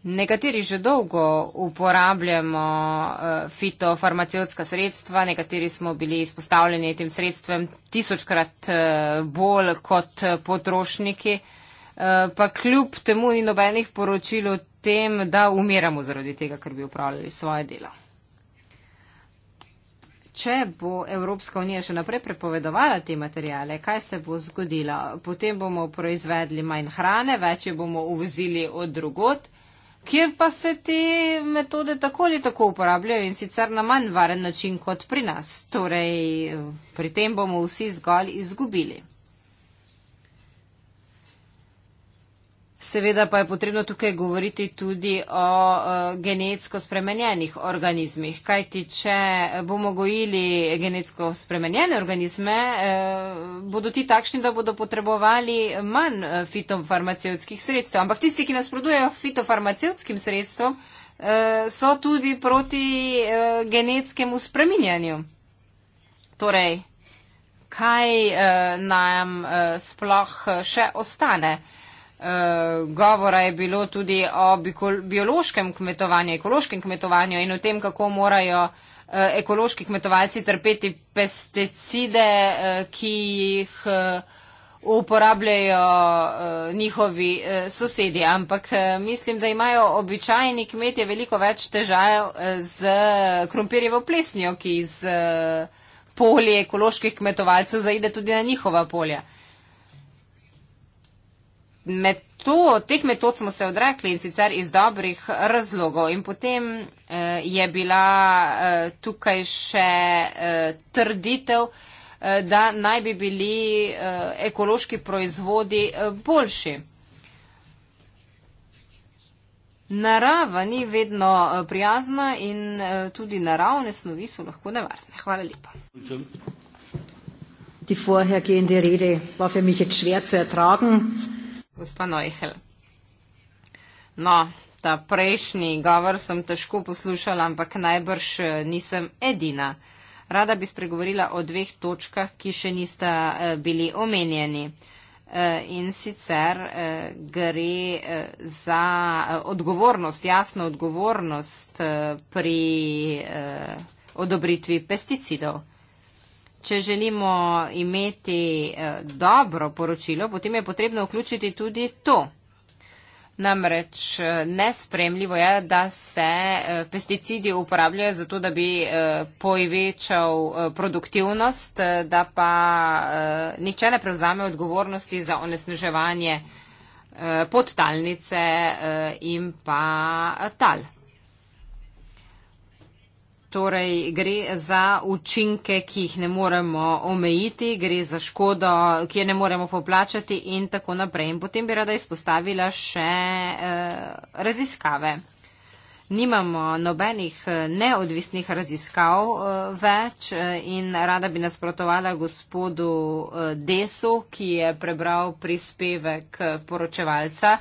Nekateri že dolgo uporabljamo uh, fitofarmacevtska sredstva, nekateri smo bili izpostavljeni tem sredstvem tisočkrat uh, bolj kot potrošniki. Uh, Eh, pa kljub temu ni nobenih poročil o tem, da umiramo zaradi tega, ker bi upravljali svoje delo. Če bo Evropska unija še naprej prepovedovala te materijale, kaj se bo zgodilo? Potem bomo proizvedli manj hrane, več jo bomo uvozili od drugot, kjer pa se te metode tako ali tako uporabljajo in sicer na manj varen način kot pri nas. Torej, pri tem bomo vsi zgolj izgubili. Seveda pa je potrebno tukaj govoriti tudi o e, genetsko spremenjenih organizmih. Kaj ti, če bomo gojili genetsko spremenjene organizme, e, bodo ti takšni, da bodo potrebovali manj e, fitofarmacevskih sredstev. Ampak tisti, ki nas produjejo fitofarmacevskim sredstvom, so tudi proti genetskemu spremenjanju. Torej, kaj nam sploh še ostane? Eh, govora je bilo tudi o biološkem kmetovanju, ekološkem kmetovanju in o tem, kako morajo eh, ekološki kmetovalci trpeti pesticide, eh, ki jih uporabljajo njihovi sosedi. Ampak mislim, da imajo običajni kmetje veliko več težav z krompirjevo plesnjo, ki iz polje ekoloških kmetovalcev zaide tudi na njihova polja metod, teh metod smo se odrekli in sicer iz dobrih razlogov. In potem eh, je bila eh, tukaj še eh, trditev, eh, da naj bi bili eh, ekološki proizvodi eh, boljši. Narava ni vedno eh, prijazna in eh, tudi naravne snovi so lahko nevarne. Hvala lepa. Die vorhergehende Rede war für mich jetzt schwer zu ertragen gospa Neuhel. No, ta prejšnji govor sem težko poslušala, ampak najbrž eh, nisem edina. Rada bi spregovorila o dveh točkah, ki še nista eh, bili omenjeni. Eh, in sicer gre za odgovornost, jasno odgovornost pri odobritvi pesticidov. Če želimo imeti eh, dobro poročilo, potem je potrebno vključiti tudi to. Namreč eh, nespremljivo je, da se eh, pesticidi uporabljajo zato, da bi povečal produktivnost, da pa nihče ne prevzame odgovornosti za onesnaževanje podtalnice in pa tal. Torej gre za učinke, ki jih ne moremo omejiti, gre za škodo, ki je ne moremo poplačati in tako naprej. In potem bi rada izpostavila še eh, raziskave. Nimamo nobenih eh, neodvisnih raziskav eh, več eh, in rada bi nasprotovala gospodu eh, Desu, ki je prebral prispevek eh, poročevalca.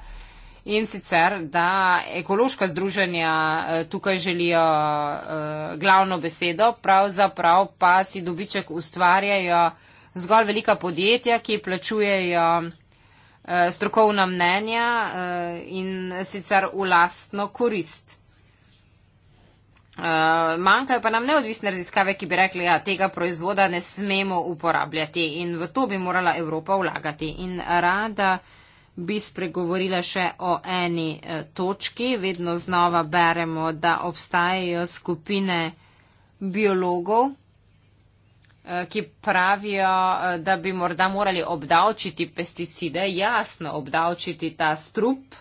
In sicer, da ekološka združenja eh, tukaj želijo eh, glavno besedo, pravzaprav pa si dobiček ustvarjajo zgolj velika podjetja, ki plačujejo eh, strokovna mnenja in sicer v lastno korist. Manjkajo pa nam neodvisne raziskave, ki bi rekli, da ja, tega proizvoda ne smemo uporabljati in v to bi morala Evropa vlagati. In rada uh, bi spregovorila še o eni eh, točki. Vedno znova beremo, da obstajajo skupine biologov, eh, ki pravijo, eh, da bi morda morali obdavčiti pesticide, jasno obdavčiti ta strup,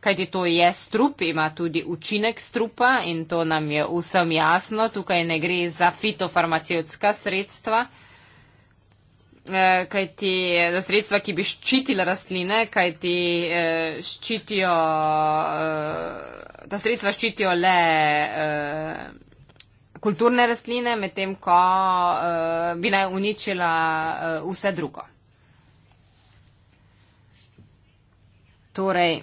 kajti to je strup, ima tudi učinek strupa in to nam je vsem jasno. Tukaj ne gre za fitofarmacijska sredstva. Eh, kajti eh, sredstva, ki bi ščitila rastline, kajti eh, ščitijo, ta sredstva ščitijo le kulturne rastline, medtem ko bi naj uničila vse drugo. Torej,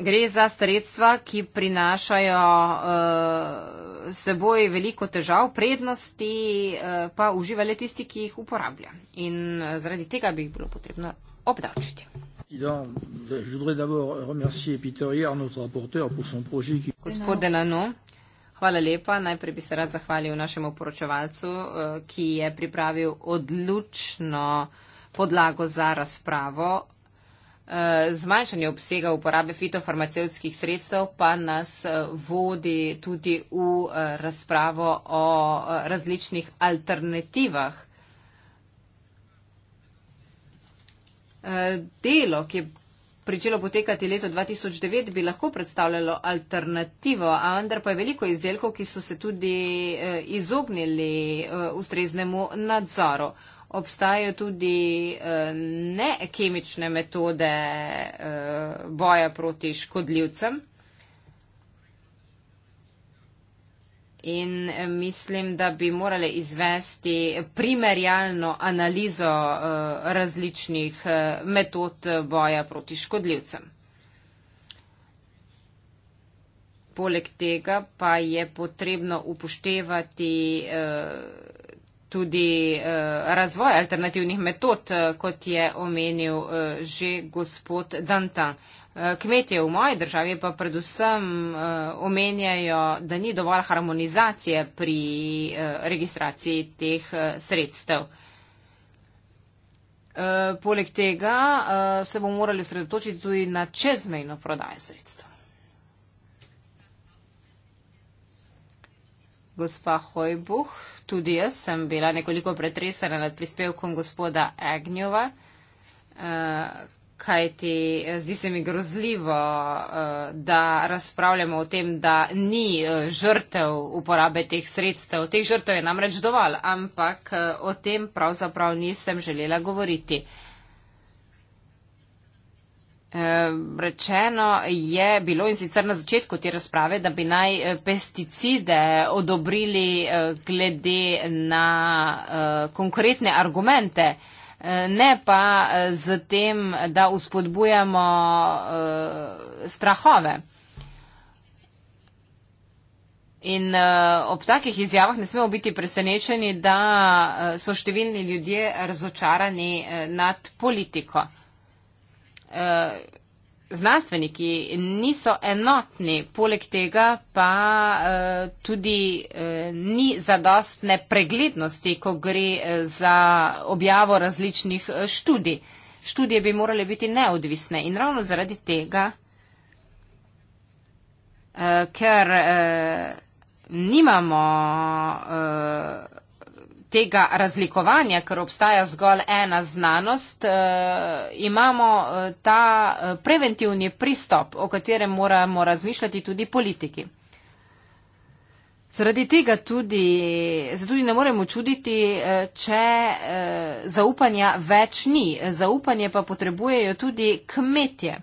gre za sredstva, ki prinašajo uh, seboj veliko težav, prednosti, uh, pa uživa le tisti, ki jih uporablja. In zaradi tega bi jih bilo potrebno obdavčiti. Gospod Denano, hvala lepa. Najprej bi se rad zahvalil našemu poročevalcu, ki je pripravil odlično podlago za razpravo Eh, zmanjšanje obsega uporabe fitofarmacevskih sredstev pa nas eh, vodi tudi v eh, razpravo o različnih alternativah. Delo, ki je pričelo potekati leto 2009, bi lahko predstavljalo alternativo, a vendar pa je veliko izdelkov, ki so se tudi izognili ustreznemu nadzoru obstajajo tudi eh, nekemične metode eh, boja proti škodljivcem. In eh, mislim, da bi morali izvesti primerjalno analizo različnih metod boja proti škodljivcem. Poleg tega pa je potrebno upoštevati škodljivce, tudi eh, razvoj alternativnih metod, eh, kot je omenil eh, že gospod Danta. Kmetje v moji državi pa predvsem omenjajo, da ni dovolj harmonizacije pri registraciji teh sredstev. Poleg tega se bomo morali sredotočiti tudi na čezmejno prodajo sredstev. gospa Hojbuh, tudi jaz sem bila nekoliko pretresena nad prispevkom gospoda Agnjova, eh, kajti eh, zdi se mi grozljivo, eh, da razpravljamo o tem, da ni žrtev uporabe teh sredstev. Teh žrtev je namreč dovolj, ampak o tem pravzaprav nisem želela govoriti. Rečeno je bilo in sicer na začetku te razprave, da bi naj eh, pesticide odobrili eh, glede na eh, konkretne argumente, ne pa z tem, da uspodbujamo strahove. In ob takih izjavah ne smemo biti presenečeni, da so številni ljudje razočarani nad politiko. Eh, znanstveniki niso enotni, poleg tega pa eh, tudi eh, ni zadostne preglednosti, ko gre za objavo različnih študij. Študije bi morale biti neodvisne in ravno zaradi tega, ker nimamo tega razlikovanja, ker obstaja zgolj ena znanost, uh, imamo eh, ta eh, preventivni pristop, o katerem moramo razmišljati tudi politiki. Zaradi tega tudi, tudi ne moremo čuditi, če zaupanja več ni. Zaupanje pa potrebujejo tudi kmetje.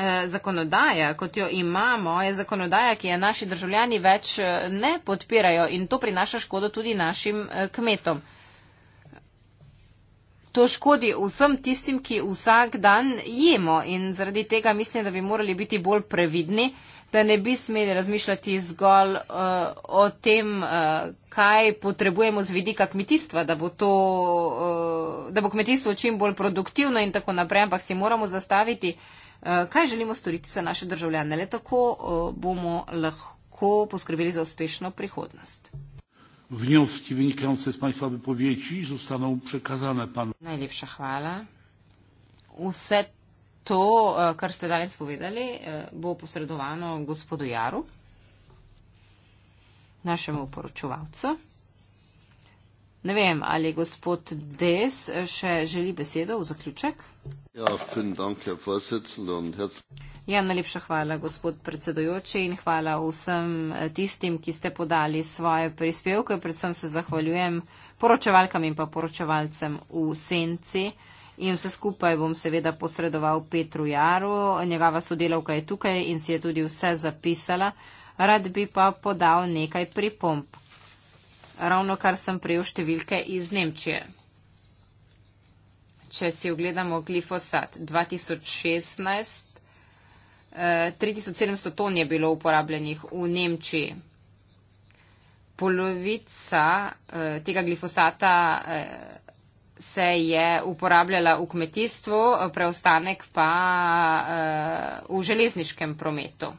Eh, zakonodaja, kot jo imamo, je zakonodaja, ki je naši državljani več eh, ne podpirajo in to prinaša škodo tudi našim eh, kmetom. To škodi vsem tistim, ki vsak dan jemo in zaradi tega mislim, da bi morali biti bolj previdni, da ne bi smeli razmišljati zgolj uh, o tem, uh, kaj potrebujemo z vidika kmetijstva, da bo, to, uh, da bo kmetijstvo čim bolj produktivno in tako naprej, ampak si moramo zastaviti uh, Eh, kaj želimo storiti za naše državljane. Le tako eh, bomo lahko poskrbeli za uspešno prihodnost. Vnjosti vynikajoce z panjstva vypovedi zostanou prekazane panu. Najlepša hvala. Vse to, eh, kar ste danes povedali, bo posredovano gospodu Jaru, našemu poročevalcu. Ne vem, ali je gospod Des eh, še želi besedo v zaključek. Ja, dank, ja, najlepša hvala, gospod predsedojoči, in hvala vsem eh, tistim, ki ste podali svoje prispevke. Predvsem se zahvaljujem poročevalkam in pa poročevalcem v senci. In vse skupaj bom seveda posredoval Petru Jaru, njegova sodelavka je tukaj in si je tudi vse zapisala. Rad bi pa podal nekaj pripomp ravno kar sem prejel številke iz Nemčije. Če si ogledamo glifosat 2016, 3700 eh, ton je bilo uporabljenih v Nemčiji. Polovica eh, tega glifosata eh, se je uporabljala v kmetijstvu, preostanek pa v železniškem prometu.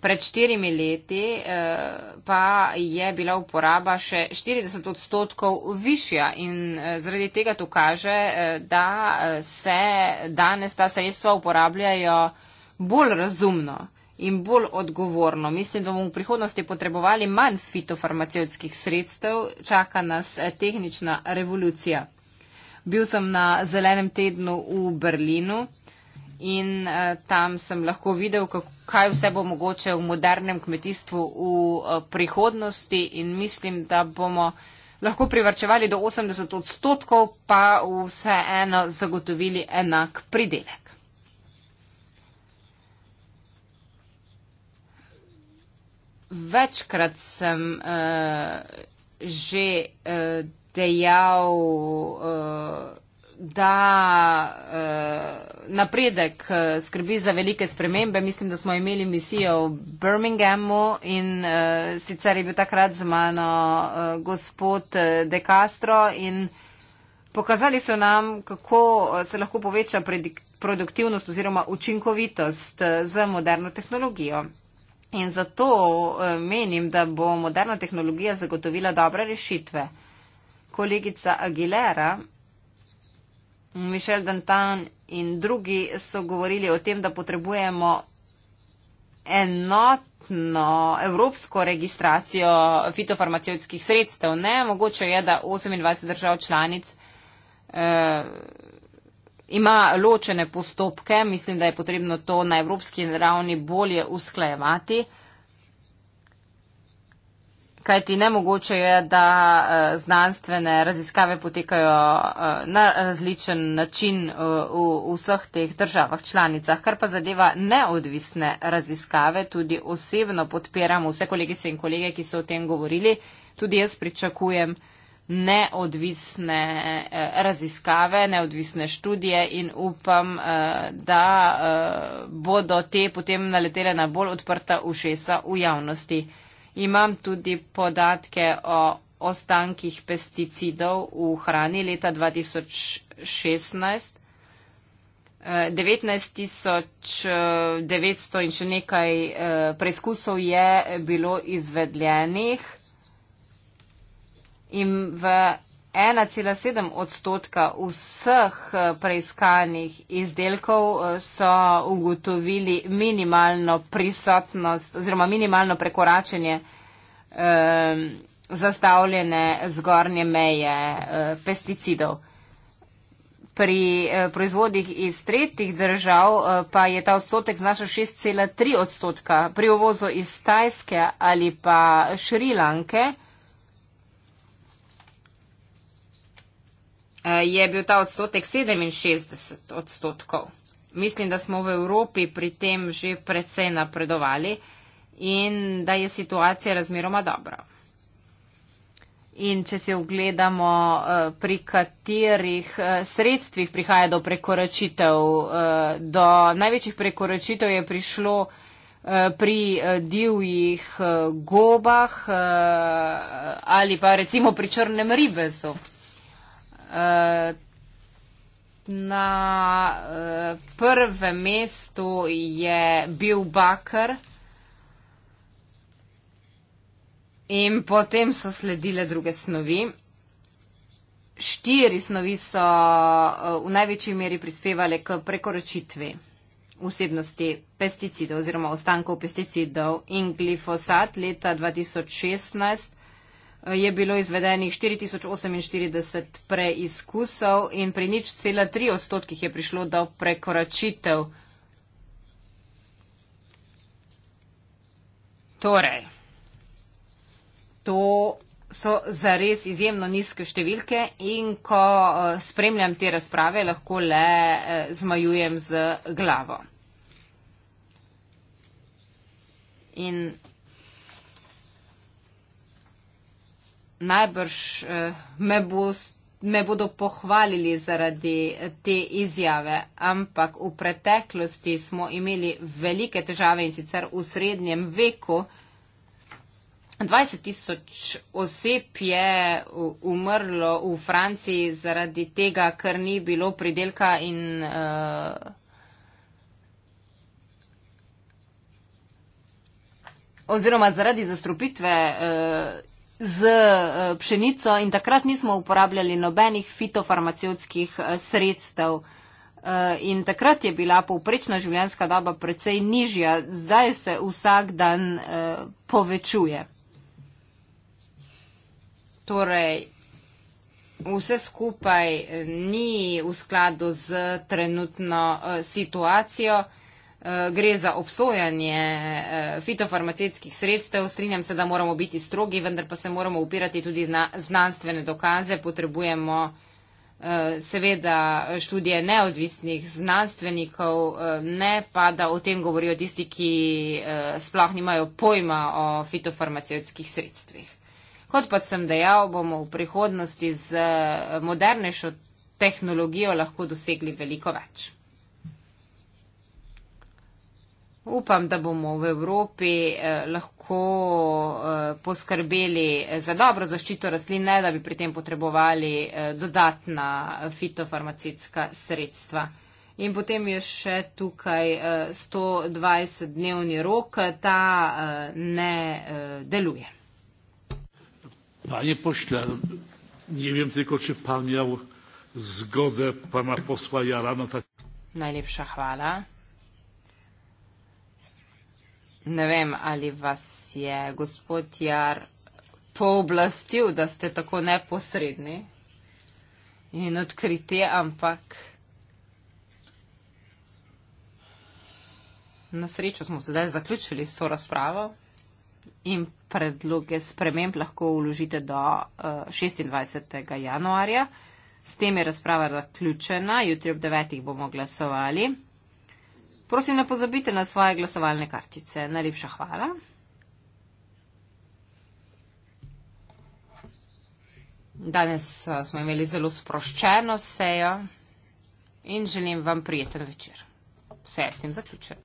Pred štirimi leti eh, pa je bila uporaba še 40 odstotkov višja in eh, zaradi tega to kaže, eh, da se danes ta sredstva uporabljajo bolj razumno in bolj odgovorno. Mislim, da bomo v prihodnosti potrebovali manj fitofarmacevtskih sredstev, čaka nas tehnična revolucija. Bil sem na zelenem tednu v Berlinu in uh, tam sem lahko videl, kako, kaj vse bo mogoče v modernem kmetijstvu v uh, prihodnosti in mislim, da bomo lahko privrčevali do 80 odstotkov, pa vseeno zagotovili enak pridelek. Večkrat sem uh, že uh, dejal. Uh, da uh, napredek eh, skrbi za velike spremembe. Mislim, da smo imeli misijo v Birminghamu in uh, sicer je bil takrat z mano uh, gospod De Castro in pokazali so nam, kako se lahko poveča produktivnost oziroma učinkovitost z moderno tehnologijo. In zato menim, da bo moderna tehnologija zagotovila dobre rešitve. Kolegica Aguilera Mišel Dantan in drugi so govorili o tem, da potrebujemo enotno evropsko registracijo fitofarmacevskih sredstev. Ne, mogoče je, da 28 držav članic eh, ima ločene postopke. Mislim, da je potrebno to na evropski ravni bolje usklajevati. Eh, Kajti nemogoče je, da eh, znanstvene raziskave potekajo eh, na različen način eh, v vseh teh državah članicah. Kar pa zadeva neodvisne raziskave, tudi osebno podpiram vse kolegice in kolege, ki so o tem govorili. Tudi jaz pričakujem neodvisne raziskave, neodvisne študije in upam, da bodo te potem naletele na bolj odprta ušesa v javnosti. Imam tudi podatke o ostankih pesticidov v hrani leta 2016. 19.900 eh, eh, in še nekaj eh, preizkusov je bilo izvedljenih in v 1,7 odstotka vseh eh, preiskanih izdelkov eh, so ugotovili minimalno prisotnost oziroma minimalno prekoračenje ehm, zastavljene zgornje meje eh, pesticidov. Pri proizvodih iz tretjih držav pa je ta odstotek znašal 6,3 odstotka. Pri uvozu iz Tajske ali pa Šrilanke Eh, je bil ta odstotek 67 odstotkov. Mislim, da smo v Evropi pri tem že precej napredovali in da je situacija razmeroma dobra. In če se ogledamo, eh, pri katerih eh, sredstvih prihaja do prekoračitev, do največjih prekoračitev je prišlo pri divjih gobah ali pa recimo pri črnem ribezu. Eh, na eh, prvem mestu je bil Bakr in potem so sledile druge snovi. Štiri snovi so eh, v največji meri prispevali k prekoračitvi vsebnosti pesticidov oziroma ostankov pesticidov in glifosat leta 2016 je bilo izvedenih 4048 preizkusov in pri nič cela tri odstotkih je prišlo do prekoračitev. Torej, to so zares izjemno nizke številke in ko eh, spremljam te razprave, lahko le eh, zmajujem z glavo. In najbrž eh, me, bo, me bodo pohvalili zaradi te izjave, ampak v preteklosti smo imeli velike težave in sicer v srednjem veku. 20 tisoč oseb je umrlo v Franciji zaradi tega, ker ni bilo pridelka in. Uh, Oziroma zaradi zastrupitve eh, z eh, pšenico in takrat nismo uporabljali nobenih fitofarmacevskih eh, sredstev. Eh, in takrat je bila povprečna življenjska doba precej nižja, zdaj se vsak dan povečuje. Torej, vse skupaj ni v skladu z trenutno situacijo. Eh, gre za obsojanje eh, fitofarmacetskih sredstev. Strinjam se, da moramo biti strogi, vendar pa se moramo upirati tudi na znanstvene dokaze. Potrebujemo eh, seveda študije neodvisnih znanstvenikov, ne pa da o tem govorijo tisti, ki sploh nimajo pojma o fitofarmacevtskih sredstvih. Kot pa sem dejal, bomo v prihodnosti z modernejšo tehnologijo lahko dosegli veliko več. Upam, da bomo v Evropi eh, lahko eh, poskrbeli za dobro zaščito rastlin, ne da bi pri tem potrebovali eh, dodatna fitofarmacijska sredstva. In potem je še tukaj 120-dnevni rok, ta ne deluje. Panie pośle, nie wiem tylko, czy pan miał zgodę pana posła Jarana. Najlepsza chwala. Ne vem, ali vas je gospod Jar pooblastil, da ste tako neposredni in odkriti, ampak. Na srečo smo sedaj zaključili s to razpravo in predloge sprememb lahko uložite do 26. Eh, januarja. S tem je razprava zaključena, jutri ob 9. bomo glasovali. Prosim, ne pozabite na svoje glasovalne kartice. Najlepša hvala. Danes eh, smo imeli zelo sproščeno sejo in želim vam prijeten večer. Vse s tem zaključujem.